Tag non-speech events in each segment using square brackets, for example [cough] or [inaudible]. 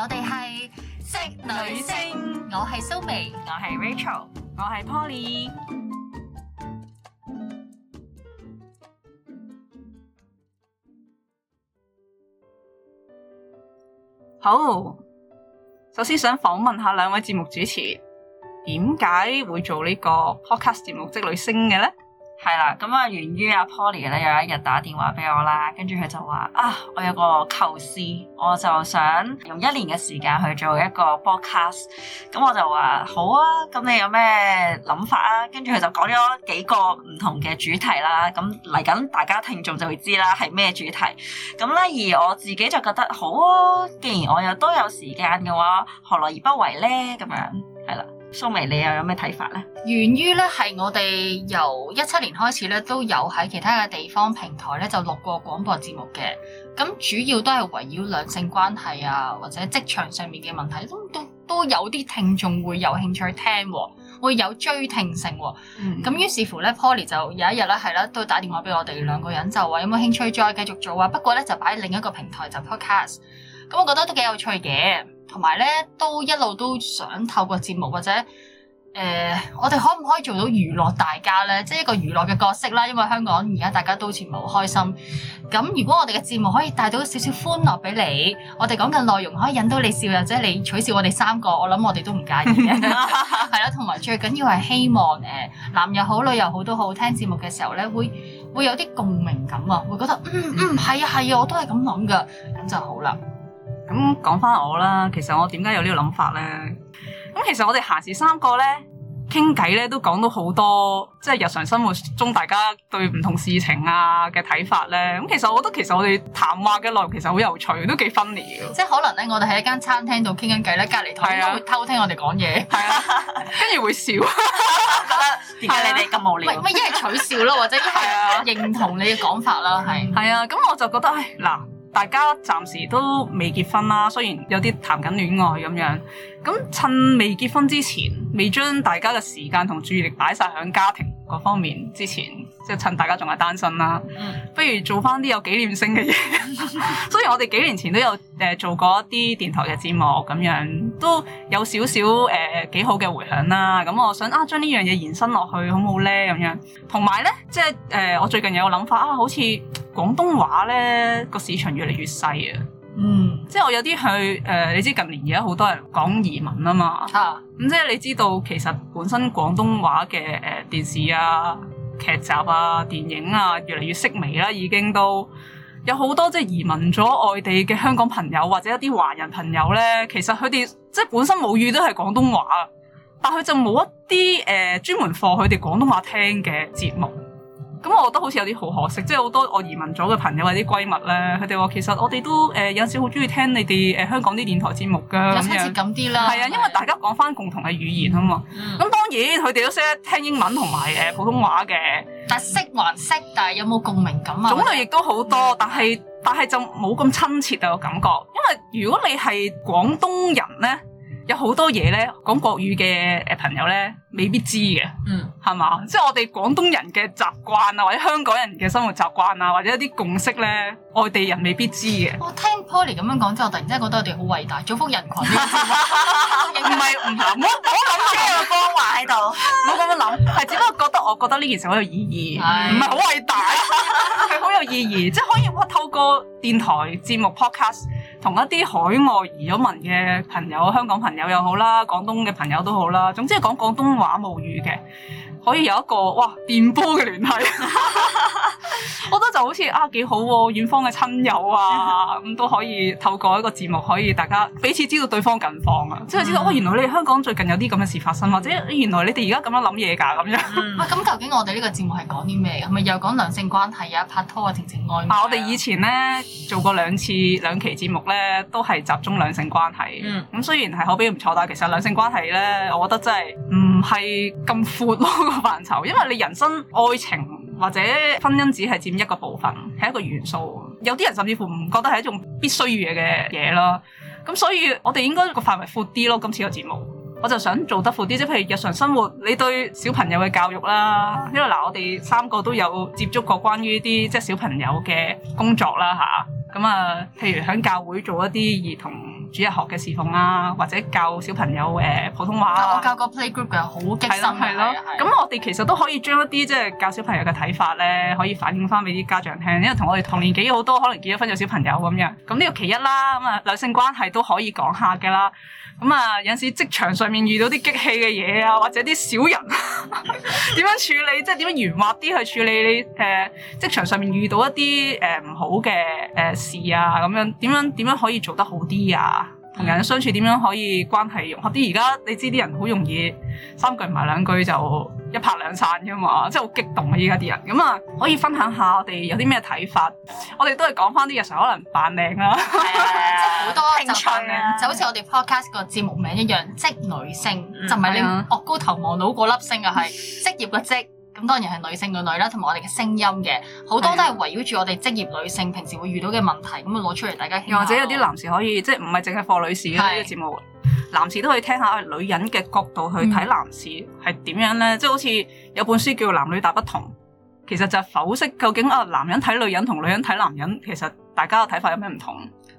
我哋係職女聲，我係蘇媚，我係 Rachel，我係 Polly。好，首先想訪問下兩位節目主持，點解會做呢個 podcast 節目職女聲嘅咧？係啦，咁啊，源於阿 Polly 咧，有一日打電話俾我啦，跟住佢就話啊，我有個構思，我就想用一年嘅時間去做一個 broadcast，咁我就話好啊，咁你有咩諗法啊？跟住佢就講咗幾個唔同嘅主題啦，咁嚟緊大家聽眾就會知啦係咩主題，咁咧而我自己就覺得好啊，既然我又都有時間嘅話，何樂而不為咧？咁樣係啦。蘇媚，你又有咩睇法咧？源於咧係我哋由一七年開始咧，都有喺其他嘅地方平台咧就錄過廣播節目嘅。咁主要都係圍繞兩性關係啊，或者職場上面嘅問題，都都都有啲聽眾會有興趣聽，會有追聽性。咁於、嗯、是乎咧，Polly 就有一日咧係啦，都打電話俾我哋兩個人，就話有冇興趣再繼續做啊？不過咧就擺喺另一個平台就 Podcast。咁我覺得都幾有趣嘅。同埋咧，都一路都想透過節目或者誒、呃，我哋可唔可以做到娛樂大家咧？即係一個娛樂嘅角色啦。因為香港而家大家都似唔係好開心。咁如果我哋嘅節目可以帶到少少歡樂俾你，我哋講嘅內容可以引到你笑，或者你取笑我哋三個，我諗我哋都唔介意嘅。係啦， [laughs] [laughs] 同埋最緊要係希望誒，男又好，女又好都好，聽節目嘅時候咧，會會有啲共鳴感啊，會覺得嗯嗯係啊係啊，啊，我都係咁諗噶，咁就好啦。咁講翻我啦，其實我點解有呢個諗法咧？咁其實我哋閒時三個咧傾偈咧，都講到好多，即係日常生活中大家對唔同事情啊嘅睇法咧。咁其實我覺得其實我哋談話嘅內容其實好有趣，都幾 funny 嘅。即係可能咧，我哋喺一間餐廳度傾緊偈咧，隔離台會偷聽我哋講嘢，係啊，跟住會笑，覺得點解你哋咁無聊？唔係一係取笑咯，或者係啊，認同你嘅講法啦，係。係啊，咁我就覺得，哎嗱。大家暫時都未結婚啦，雖然有啲談緊戀愛咁樣，咁趁未結婚之前，未將大家嘅時間同注意力擺曬喺家庭各方面之前。即係趁大家仲係單身啦，不如做返啲有紀念性嘅嘢。 [laughs] 雖然我哋幾年前都有誒、呃、做過一啲電台嘅節目，咁樣都有少少誒幾、呃、好嘅回響啦。咁、啊嗯、我想啊，將呢樣嘢延伸落去好好，好唔好咧？咁樣同埋咧，即係誒、呃，我最近有個諗法啊，好似廣東話咧個市場越嚟越細啊。嗯，即係我有啲去誒、呃，你知近年而家好多人講移民啊嘛。啊，咁即係你知道其實本身廣東話嘅誒、呃、電視啊。劇集啊、電影啊，越嚟越式微啦。已經都有好多即係移民咗外地嘅香港朋友，或者一啲華人朋友咧。其實佢哋即係本身母語都係廣東話，但佢就冇一啲誒、呃、專門放佢哋廣東話聽嘅節目。咁我覺得好似有啲好可惜，即係好多我移民咗嘅朋友或啲閨蜜咧，佢哋話其實我哋都誒、呃、有陣時好中意聽你哋誒香港啲電台節目噶，有親切咁啲啦，係啊的，的因為大家講翻共同嘅語言啊嘛。咁、嗯、當然佢哋都識得聽英文同埋誒普通話嘅，但係識還識，但係有冇共鳴感啊？種類亦都好多，嗯、但係但係就冇咁親切啊個感覺，因為如果你係廣東人咧。有好多嘢咧，講國語嘅誒朋友咧，未必知嘅，嗯，係嘛？即係我哋廣東人嘅習慣啊，或者香港人嘅生活習慣啊，或者一啲共識咧，外地人未必知嘅。我聽 Polly 咁樣講之後，突然之間覺得我哋好偉大，造福人群。唔係，唔係，唔諗，唔好諗呢個光環喺度，唔好咁樣諗。係，只不過覺得我覺得呢件事好有意義，唔係好偉大，佢好有意義， [laughs] 即係可以話透過電台節目 Podcast。同一啲海外移咗民嘅朋友，香港朋友又好啦，廣東嘅朋友都好啦，總之係講廣東話母語嘅。可以有一個哇電波嘅聯繫， [laughs] [laughs] 我覺得就好似啊幾好喎、啊、遠方嘅親友啊，咁都可以透過一個節目可以大家彼此知道對方近況啊，即係知道哦原來你哋香港最近有啲咁嘅事發生，或者原來你哋而家咁樣諗嘢㗎咁樣、嗯。喂、 [laughs] 啊，咁究竟我哋呢個節目係講啲咩嘅？係咪又講兩性關係，啊，拍拖、啊，情情愛愛、啊？我哋以前咧做過兩次兩期節目咧，都係集中兩性關係。嗯，咁雖然係口碑唔錯，但係其實兩性關係咧，我覺得真係唔係咁闊咯。個範疇，因為你人生愛情或者婚姻只係佔一個部分，係一個元素。有啲人甚至乎唔覺得係一種必須嘢嘅嘢咯。咁所以我哋應該個範圍闊啲咯。今次個節目，我就想做得闊啲，即係譬如日常生活，你對小朋友嘅教育啦，因為嗱，我哋三個都有接觸過關於啲即係小朋友嘅工作啦，吓咁啊，譬如喺教會做一啲兒童。主日學嘅侍奉啦，或者教小朋友誒、呃、普通話、啊、我教個 playgroup 嘅好激心，係咯。咁我哋其實都可以將一啲即係教小朋友嘅睇法咧，可以反映翻俾啲家長聽，因為同我哋同年紀好多可能結咗婚有小朋友咁樣。咁呢個其一啦，咁啊兩性關係都可以講下嘅啦。咁啊，有時職場上面遇到啲激氣嘅嘢啊，或者啲小人啊，點 [laughs] 樣處理？ [laughs] 即係點樣圓滑啲去處理你誒、呃、職場上面遇到一啲誒唔好嘅、呃、事啊？咁樣點樣點樣可以做得好啲啊？同人相處點樣可以關係融合？啲而家你知啲人好容易三句唔埋兩句就一拍兩散㗎嘛，即係好激動啊！依家啲人咁啊，可以分享下我哋有啲咩睇法？我哋都係講翻啲日常可能扮靚 [laughs] [noise] 啊，即係好多青春啊，就好似我哋 podcast 個節目名一樣，職女聲」，就唔係你望高頭望到嗰粒星啊，係職業個職。 [laughs] 咁當然係女性嘅女啦，同埋我哋嘅聲音嘅好多都係圍繞住我哋職業女性平時會遇到嘅問題，咁啊，攞出嚟大家又或者有啲男士可以即係唔係淨係畀女士嘅呢是個節目，男士都可以聽下女人嘅角度去睇男士係點樣咧，即係、嗯、好似有本書叫《男女大不同》，其實就係剖析究竟啊男人睇女人同女人睇男人其實大家嘅睇法有咩唔同？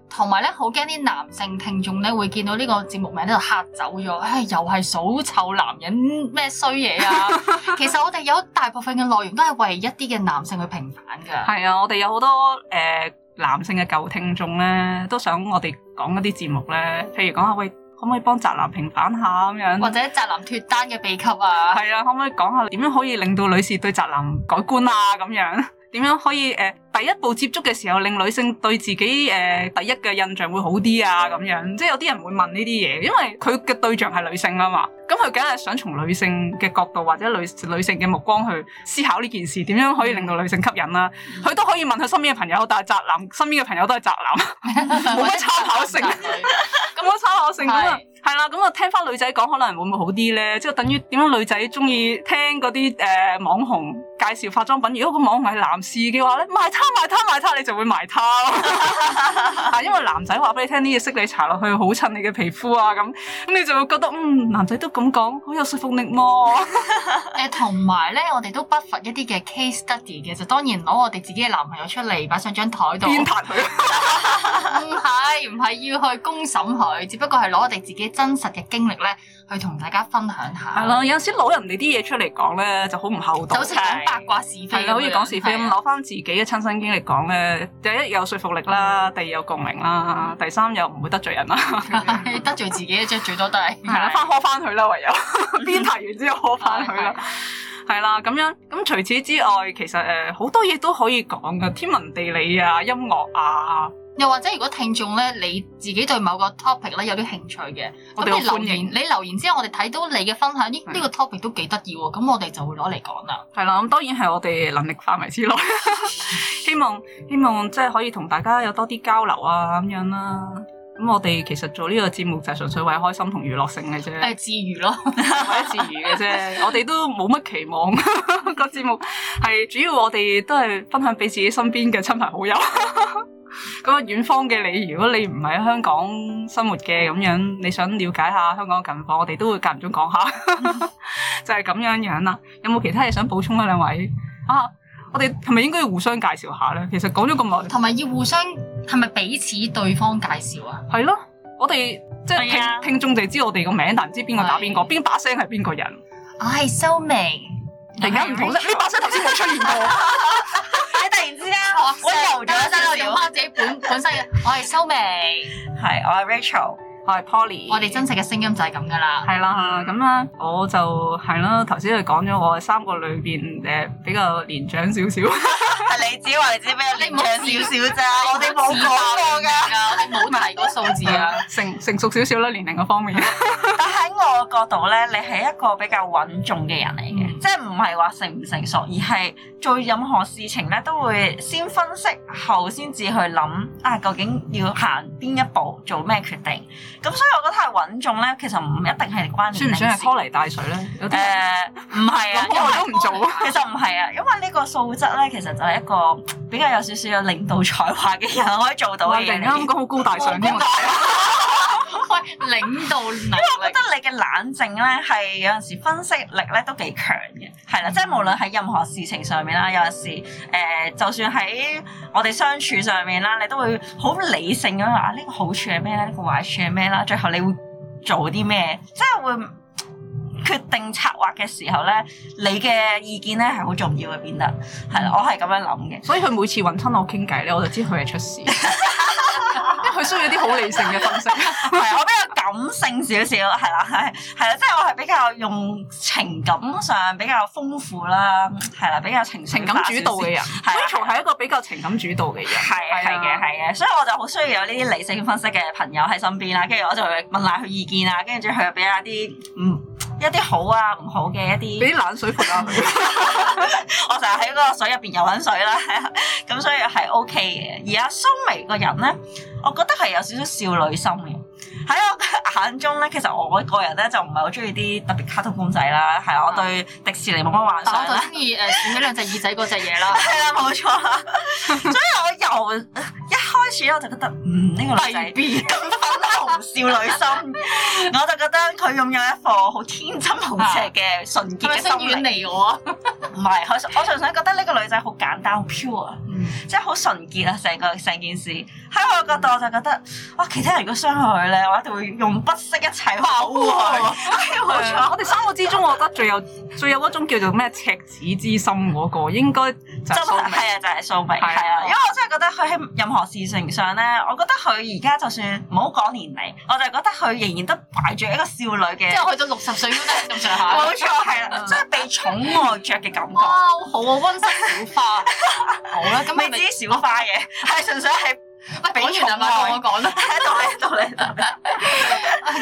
同埋咧，好驚啲男性聽眾咧會見到呢個節目名喺度嚇走咗，唉，又係數臭男人咩衰嘢啊！ [laughs] 其實我哋有大部分嘅內容都係為一啲嘅男性去平反㗎。係啊，我哋有好多誒、呃、男性嘅舊聽眾咧，都想我哋講一啲節目咧，譬如講下喂，可唔可以幫宅男平反下咁樣，或者宅男脫單嘅秘笈啊？係啊，可唔可以講下點樣可以令到女士對宅男改觀啊？咁樣。點樣可以誒、呃、第一步接觸嘅時候令女性對自己誒、呃、第一嘅印象會好啲啊咁樣，即係有啲人會問呢啲嘢，因為佢嘅對象係女性啦嘛，咁佢梗係想從女性嘅角度或者女女性嘅目光去思考呢件事，點樣可以令到女性吸引啦、啊？佢都、嗯、可以問佢身邊嘅朋友，但係宅男身邊嘅朋友都係宅男，冇乜參考性，咁冇參考性咁啊。 [laughs] 是 [laughs] 係啦，咁啊，我聽翻女仔講，可能會唔會好啲咧？即係等於點樣女仔中意聽嗰啲誒網紅介紹化妝品。如果個網紅係男士嘅話咧，賣他賣他賣他，你就會買他咯。但 [laughs] [laughs] 因為男仔話俾你聽啲嘢，色你搽落去好襯你嘅皮膚啊，咁咁你就會覺得嗯，男仔都咁講，好有說服力嘛、啊。誒、 [laughs] 呃，同埋咧，我哋都不乏一啲嘅 case study 嘅，就當然攞我哋自己嘅男朋友出嚟擺上張台度。邊撻佢？唔 [laughs] 係、嗯。係要去公審佢，只不過係攞我哋自己真實嘅經歷咧，去同大家分享下。係咯，有陣時攞人哋啲嘢出嚟講咧，就好唔厚道。就係講八卦是非，係啦，可以講是非咁，攞翻自己嘅親身經歷講咧，第一有說服力啦，第二有共鳴啦，第三又唔會得罪人啦，得罪自己即係最多都係。係啦，翻呵翻佢啦，唯有邊提完之後呵翻佢啦。係啦，咁樣咁除此之外，其實誒好多嘢都可以講噶，天文地理、嗯、啊，音樂啊。又或者，如果聽眾咧，你自己對某個 topic 咧有啲興趣嘅，我哋會歡迎，你留言，你留言之後，我哋睇到你嘅分享，呢、這、呢個 topic 都幾得意喎，咁我哋就會攞嚟講啦。係啦，咁當然係我哋能力範圍之內。 [laughs] 希望希望即係可以同大家有多啲交流啊，咁樣啦、啊。咁我哋其實做呢個節目就係純粹為開心同娛樂性嘅啫，誒、呃、自娛咯，或者 [laughs] 自娛嘅啫。 [laughs] 我哋都冇乜期望， [laughs] 個節目係主要我哋都係分享俾自己身邊嘅親朋好友。 [laughs] 咁遠方嘅你，如果你唔喺香港生活嘅，咁樣，你想了解下香港近況，我哋都會間唔中講下， [laughs] [laughs] 就係咁樣樣啦。有冇其他嘢想補充啊？兩位啊，我哋係咪應該要互相介紹下咧？其實講咗咁耐，同埋要互相係咪彼此對方介紹啊？係咯、啊，我哋即係、啊、聽聽眾就知我哋個名，但唔知邊個打邊個，邊對把聲係邊個人。我係蘇媚，突然間唔同聲，呢把聲頭先冇出現過。我係蘇媚，係我係 Rachel，我係 Polly，l 我哋、哦、真實嘅聲音就係咁噶啦，係啦，咁啦，我就係咯，頭先佢講咗我哋三個裏邊誒比較年長少少，係 [laughs] 你知話你知咩叫年長少少咋， [laughs] 我哋冇講過噶， [laughs] 是我哋冇提個數字啊 [laughs] 不是 [laughs] ，成成熟少少啦年齡嗰方面， [laughs] 但喺我角度咧，你係一個比較穩重嘅人嚟嘅。 [laughs] 嗯即係唔係話成唔成熟，而係做任何事情咧，都會先分析後先至去諗啊，究竟要行邊一步做咩決定？咁所以我覺得係穩重咧，其實唔一定係關。算唔算係拖泥帶水咧？誒，唔係、呃、啊， [laughs] 那我都唔為做、啊、其實唔係啊，因為個呢個素質咧，其實就係一個比較有少少有領導才華嘅人可以做到嘅嘢嚟。點講好高大上 [laughs] [laughs] 喂， [laughs] 領導因為我覺得你嘅冷靜咧，係有陣時分析力咧都幾強嘅，係啦，即係無論喺任何事情上面啦，有陣時誒、呃，就算喺我哋相處上面啦，你都會好理性咁話，呢、啊呢個好處係咩咧？呢、呢個壞處係咩啦？最後你會做啲咩？即係會決定策劃嘅時候咧，你嘅意見咧係好重要嘅，變得係啦，我係咁樣諗嘅。所以佢每次揾親我傾偈咧，我就知佢係出事。 [laughs] 佢 [laughs] 需要啲好理性嘅分析， [laughs] 係我比較感性少少，係啦，係係啦，即係我係比較用情感上比較豐富啦，係啦，比較情情感主導嘅人，Rachel 係一個比較情感主導嘅人，係係嘅係嘅，所以我就好需要有呢啲理性分析嘅朋友喺身邊啦，跟住我就問下佢意見啊，跟住佢又俾下啲嗯。一啲好啊，唔好嘅一啲。俾啲冷水潑啊！ [laughs] [laughs] 我成日喺嗰個水入邊遊緊水啦，咁所以係 OK 嘅。而阿蘇媚個人咧，我覺得係有少，少少少女心嘅。喺我眼中咧，其實我個人咧就唔係好中意啲特別卡通公仔啦。係，我對迪士尼冇乜幻想。就中意誒豎起兩隻耳仔嗰隻嘢啦。係啦， [laughs] 冇錯啦。 [laughs] 所以我由一開始我就覺得，嗯呢、呢個女仔。 [laughs] 少女心， [laughs] [laughs] [laughs] 我就覺得佢擁有一顆好天真無邪嘅純潔嘅心。 [laughs] 係咪想遠離我？唔 [laughs] 係，我我純粹覺得呢個女仔好簡單，好 pure。即係好純潔啊！成個成件事，喺我嘅角度我就覺得，哇！其他人如果傷害佢咧，我一定會用不惜一切保護佢。冇錯，我哋三個之中，我覺得最有最有嗰種叫做咩赤子之心嗰個，應該就係蘇媚。係啊，就係蘇媚。係啊，因為我真係覺得佢喺任何事情上咧，我覺得佢而家就算唔好講年齡，我就覺得佢仍然都懷住一個少女嘅。即係去到六十歲都得咁上下。冇錯，係啦，即係被寵愛着嘅感覺。好啊，溫室小花。好啦，咁。你自己少個花嘅，係、啊、純粹係，唔係講完啦嘛，我講啦，道理道理啦。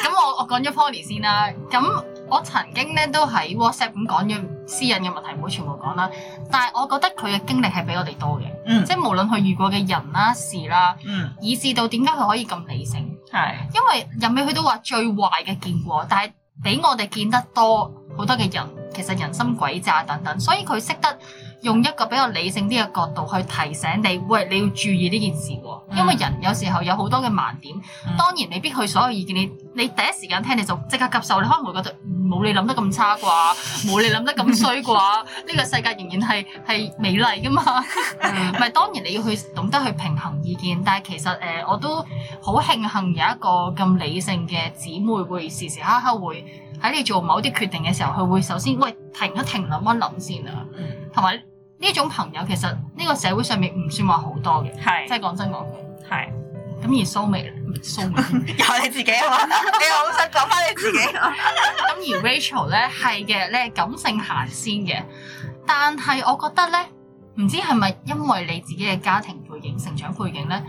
咁我我講咗 Polly 先啦。咁我曾經咧都喺 WhatsApp 咁講咗，私隱嘅問題，唔好全部講啦。但係我覺得佢嘅經歷係比我哋多嘅，嗯、即係無論佢遇過嘅人啦、啊、事啦、啊，嗯，以至到點解佢可以咁理性，係的，因為任你佢都話最壞嘅見過，但係比我哋見得多好多嘅人，其實人心詭詐等等，所以佢識得。用一個比較理性啲嘅角度去提醒你，喂，你要注意呢件事喎、哦。因為人有時候有好多嘅盲點，嗯、當然你必去所有意見，你你第一時間聽你就即刻接受，你可能會覺得冇、嗯、你諗得咁差啩，冇 [laughs] 你諗得咁衰啩，呢 [laughs] 個世界仍然係係美麗噶嘛。唔係、嗯、 [laughs] 當然你要去懂得去平衡意見，但係其實誒、呃、我都好慶幸有一個咁理性嘅姊妹會時時刻刻刻會。喺你做某啲決定嘅時候，佢會首先喂停一停，諗一諗先啊。同埋呢種朋友，其實呢個社會上面唔算話好多嘅，係是即係講真講講。咁是而蘇媚，蘇媚由你自己講，你好想講翻你自己。咁而 Rachel 咧係嘅，你係感性行先嘅，但係我覺得咧，唔知係咪因為你自己嘅家庭背景、成長背景咧，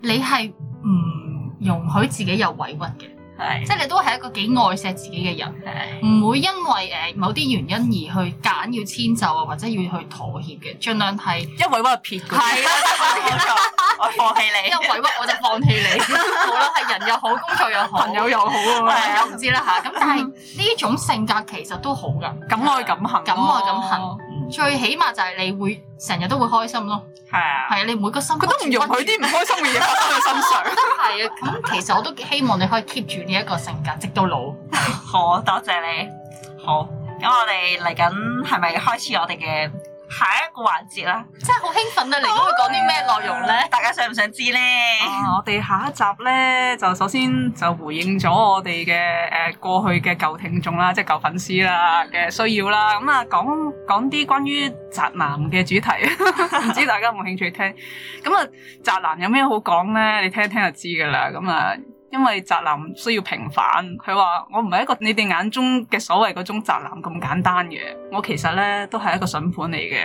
你係唔容許自己有委屈嘅。係，即係你都係一個幾愛錫自己嘅人，唔的會因為誒某啲原因而去揀要遷就啊，或者要去妥協嘅，盡量係一委屈就撇佢。係冇錯，我 [laughs] 我放棄你， [laughs] 一委屈我就放棄你。無論，係人又好，工作又好，朋友又好啊嘛，我唔知啦吓。咁 [laughs] 但係呢種性格其實都好噶，敢愛敢恨，敢愛敢恨。哦最起碼就係你會成日都會開心咯，係啊，係啊，你每個心佢都唔容許啲唔開心嘅嘢發生喺身上，都係啊。咁其實我都希望你可以 keep 住呢一個性格，直到老。 [laughs] 好多謝，謝你，好。咁我哋嚟緊係咪開始我哋嘅？下一個環節啦，真係好興奮啊！嚟，會講啲咩內容咧？大家想唔想知咧，啊？我哋下一集咧，就首先就回應咗我哋嘅誒過去嘅舊聽眾啦，即係舊粉絲啦嘅需要啦。咁，嗯、啊，講講啲關於宅男嘅主題，唔 [laughs] [laughs] 知大家有冇興趣聽？咁啊，宅男有咩好講咧？你聽一聽就知噶啦。咁啊。因為宅男需要平反，佢話我唔係一個你哋眼中嘅所謂嗰種宅男咁簡單嘅，我其實咧都係一個笋盤嚟嘅，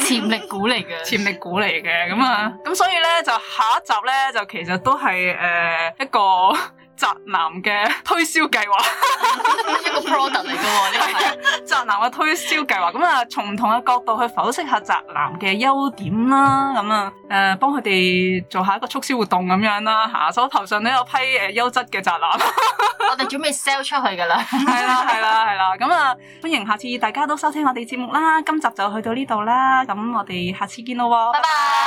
潛 [laughs] 力股嚟嘅，潛 [laughs] 力股嚟嘅，咁啊，咁所以咧就下一集咧就其實都係誒、呃、一個。 [laughs] 宅男嘅推銷計劃，一個 product 嚟嘅喎，呢個係宅男嘅推銷計劃，咁啊從唔同嘅角度去剖析下宅男嘅優點啦，咁啊誒幫佢哋做下一個促銷活動咁樣啦，嚇，手頭上都有批誒優質嘅宅男，我哋準備 sell 出去㗎啦，係啦係啦係啦，咁啊歡迎下次大家都收聽我哋節目啦，今集就去到呢度啦，咁我哋下次見咯喎，拜拜。